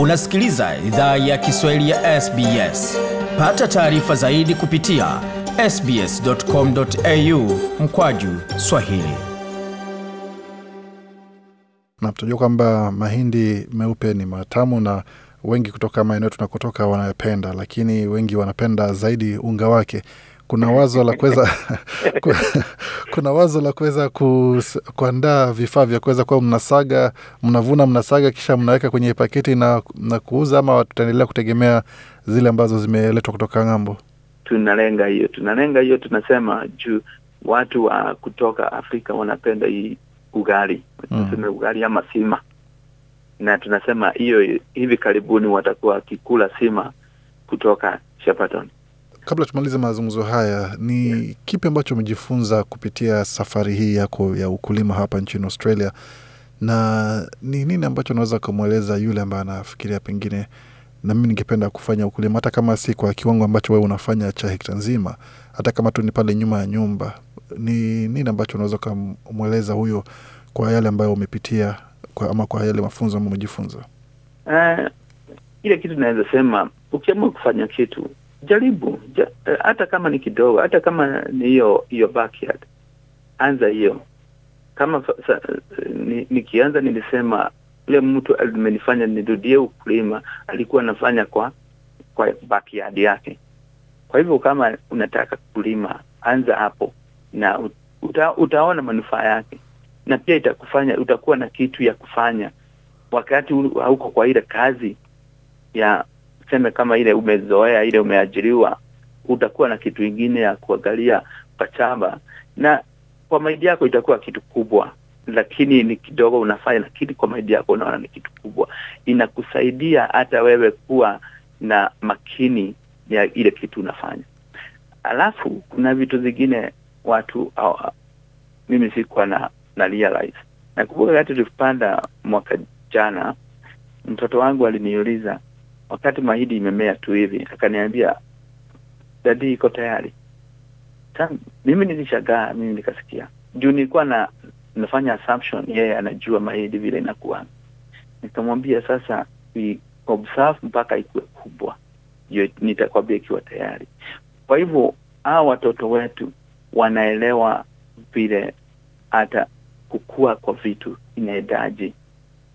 Unasikiliza idhaa ya Kiswahili ya SBS. Pata taarifa zaidi kupitia sbs.com.au mkwaju swahili. Na tunajua kwamba mahindi meupe ni matamu na wengi kutoka maeneo tunakotoka wanayopenda, lakini wengi wanapenda zaidi unga wake kuna wazo la kuweza kuna wazo la kuweza kuandaa vifaa vya kuweza kuwa mnasaga, mnavuna, mnasaga, kisha mnaweka kwenye paketi na, na kuuza, ama tutaendelea kutegemea zile ambazo zimeletwa kutoka ng'ambo? Tunalenga hiyo, tunalenga hiyo, tunasema juu watu wa kutoka Afrika wanapenda hii ugali, tunasema mm. ugali ama sima, na tunasema hiyo hivi karibuni watakuwa wakikula sima kutoka Shepparton kabla tumalize mazungumzo haya, ni kipi ambacho umejifunza kupitia safari hii yako ya ukulima hapa nchini Australia, na ni nini ambacho unaweza kumweleza yule ambaye anafikiria pengine na mimi ningependa kufanya ukulima, hata kama si kwa kiwango ambacho wewe unafanya cha hekta nzima, hata kama tu ni pale nyuma ya nyumba, ni nini ambacho unaweza ukamweleza huyo kwa yale ambayo umepitia kwa, ama kwa yale mafunzo ambayo umejifunza? Uh, eh, ile kitu inaweza sema ukiamua kufanya kitu jaribu ja, eh, hata kama ni kidogo, hata kama ni hiyo hiyo backyard, anza hiyo. Kama sa, ni, nikianza nilisema ule mtu alimenifanya nirudie ukulima alikuwa anafanya kwa kwa backyard yake. Kwa hivyo kama unataka kulima, anza hapo na uta, utaona manufaa yake, na pia itakufanya utakuwa na kitu ya kufanya wakati hauko kwa ile kazi ya tuseme kama ile umezoea ile umeajiriwa, utakuwa na kitu ingine ya kuangalia kwa pachamba, na kwa maidi yako itakuwa kitu kubwa, lakini ni kidogo unafanya, lakini kwa maidi yako unaona ni kitu kubwa. Inakusaidia hata wewe kuwa na makini ya ile kitu unafanya. Alafu kuna vitu zingine watu au, mimi sikuwa na na realize. Nakumbuka wakati tulipanda mwaka jana, mtoto wangu aliniuliza wakati mahidi imemea tu hivi, akaniambia dadi iko tayari. mimi nilishagaa, mimi nikasikia juu nilikuwa na nafanya assumption yeye yeah, anajua mahidi vile inakuwa. Nikamwambia sasa observe mpaka ikuwe kubwa, ndio nitakwambia ikiwa tayari. Kwa hivyo hawa watoto wetu wanaelewa vile hata kukua kwa vitu inahitaji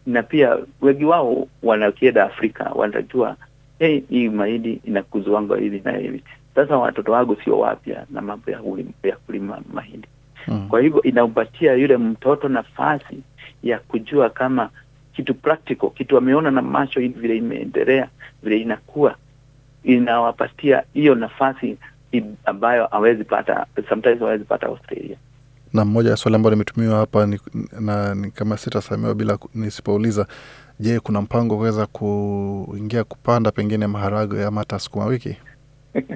na pia wengi wao wanakienda Afrika wanajua hey, hii mahindi inakuzwanga hivi na hivi. Sasa watoto wangu sio wapya na mambo ya, ya kulima mahindi mm. Kwa hivyo inampatia yule mtoto nafasi ya kujua kama kitu practical, kitu ameona na macho hivi vile imeendelea vile inakuwa, inawapatia hiyo nafasi ambayo hawezi pata sometimes hawezi pata Australia na mmoja ya swali ambayo limetumiwa hapa ni, na, ni kama sitasamewa bila nisipouliza je kuna mpango kuweza kuingia kupanda pengine maharagwe ama hata sukuma wiki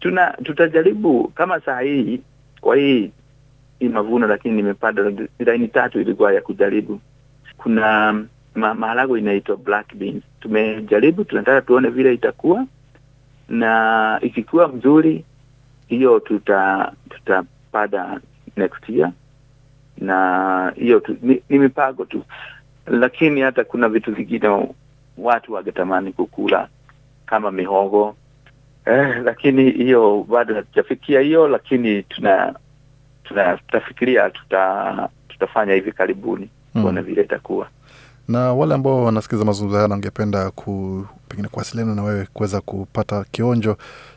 tuna tutajaribu kama saa hii kwa hii hii mavuno lakini nimepanda laini tatu ilikuwa ya kujaribu kuna ma, maharago inaitwa black beans tumejaribu tunataka tuone vile itakuwa na ikikuwa mzuri hiyo tuta next year, na hiyo ni, ni mipango tu, lakini hata kuna vitu vingine watu wangetamani kukula kama mihogo eh, lakini hiyo bado hatujafikia hiyo, lakini tuna tutafikiria tuta, tutafanya hivi karibuni hmm. kuona mm, vile itakuwa. Na wale ambao wanasikiza mazungumzo haya nangependa ku, pengine kuwasiliana na wewe kuweza kupata kionjo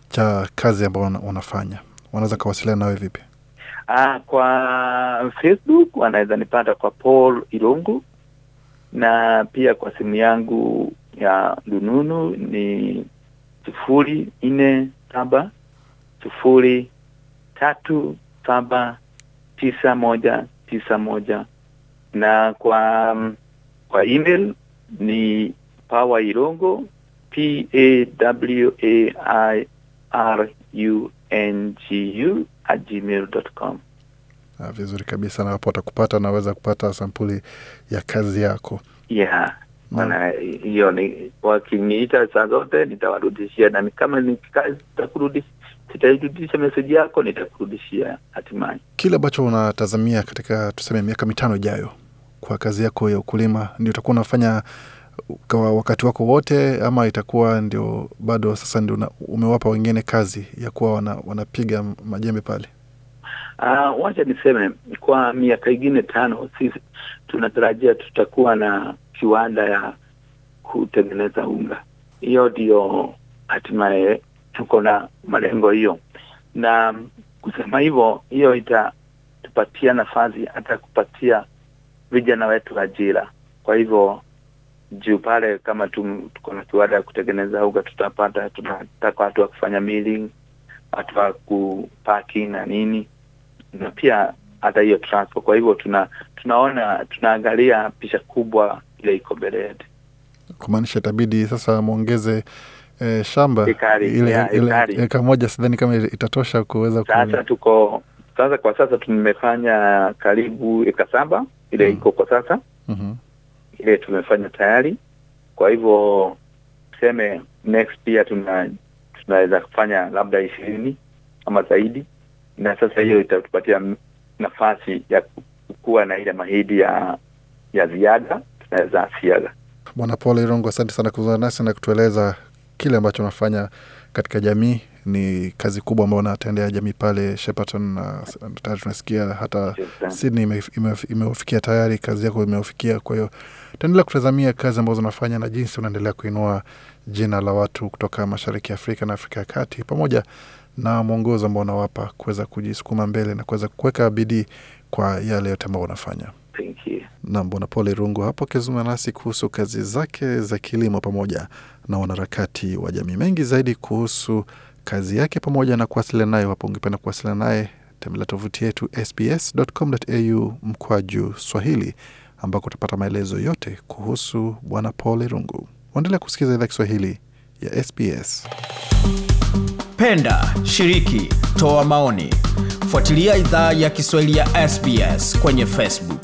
cha kazi ambayo wanafanya, wanaweza kawasiliana na wewe vipi? Aa, ah, kwa Facebook wanaweza nipata kwa Paul Irungu, na pia kwa simu yangu ya rununu ni sufuri nne saba sufuri tatu saba tisa moja tisa moja na kwa kwa email ni Pawa Irongo p a w a i r u n g u at gmail dot com uh, vizuri kabisa, na wapo watakupata, naweza kupata sampuli ya kazi yako yeah. Mm. Maana hiyo ni wakiniita saa zote nitawarudishia, nami kama ni kazi takurudishia meseji yako, nitakurudishia hatimaye. Kile ambacho unatazamia katika tuseme miaka mitano ijayo kwa kazi yako ya ukulima, ndio utakuwa unafanya kwa wakati wako wote, ama itakuwa ndio bado sasa ndio umewapa wengine kazi ya kuwa wana, wanapiga majembe pale? Uh, wacha niseme kwa miaka ingine tano sisi tunatarajia tutakuwa na kiwanda ya kutengeneza unga. Hiyo ndio hatimaye tuko na malengo hiyo, na kusema hivyo, hiyo itatupatia nafasi hata kupatia vijana wetu ajira. Kwa hivyo juu pale kama tuko na kiwanda ya kutengeneza unga, tutapata tunataka watu wa kufanya milling, watu wa kupaki na nini na pia hata hiyo transfer. Kwa hivyo tuna tunaona tunaangalia picha kubwa ile iko mbele yetu, kumaanisha itabidi sasa mwongeze eh, shamba eka moja, sidhani kama itatosha kuweza sasa. Tuko sasa kwa sasa tumefanya karibu eka saba ile mm. iko kwa sasa mm -hmm. ile tumefanya tayari, kwa hivyo tuseme next pia tuna tunaweza kufanya labda ishirini ama zaidi na sasa hiyo itatupatia nafasi ya kuwa na ile mahidi ya ya ziada tunaweza siaga. Bwana Paul Irongo, asante sana kuzungumza nasi na kutueleza kile ambacho unafanya katika jamii ni kazi kubwa ambayo wanatendea jamii pale Shepparton, na tayari tunasikia hata Sydney imeufikia ime, ime tayari kazi yako imeufikia. Kwa hiyo taendelea kutazamia kazi ambazo unafanya na jinsi unaendelea kuinua jina la watu kutoka mashariki ya Afrika na Afrika ya kati pamoja na mwongozo ambao unawapa kuweza kujisukuma mbele na kuweza kuweka bidii kwa yale yote ambayo unafanya. Nam Bwana Pole Rungu hapo akizungumza nasi kuhusu kazi zake za kilimo pamoja na wanaharakati wa jamii. Mengi zaidi kuhusu kazi yake pamoja na kuwasiliana naye, wapo ungependa kuwasiliana naye, tembelea tovuti yetu sbs.com.au mkwaju Swahili ambako utapata maelezo yote kuhusu Bwana Pole Rungu. Waendelea kusikiliza idhaa Kiswahili ya SBS. Penda, shiriki, toa maoni, fuatilia idhaa ya Kiswahili ya SBS kwenye Facebook.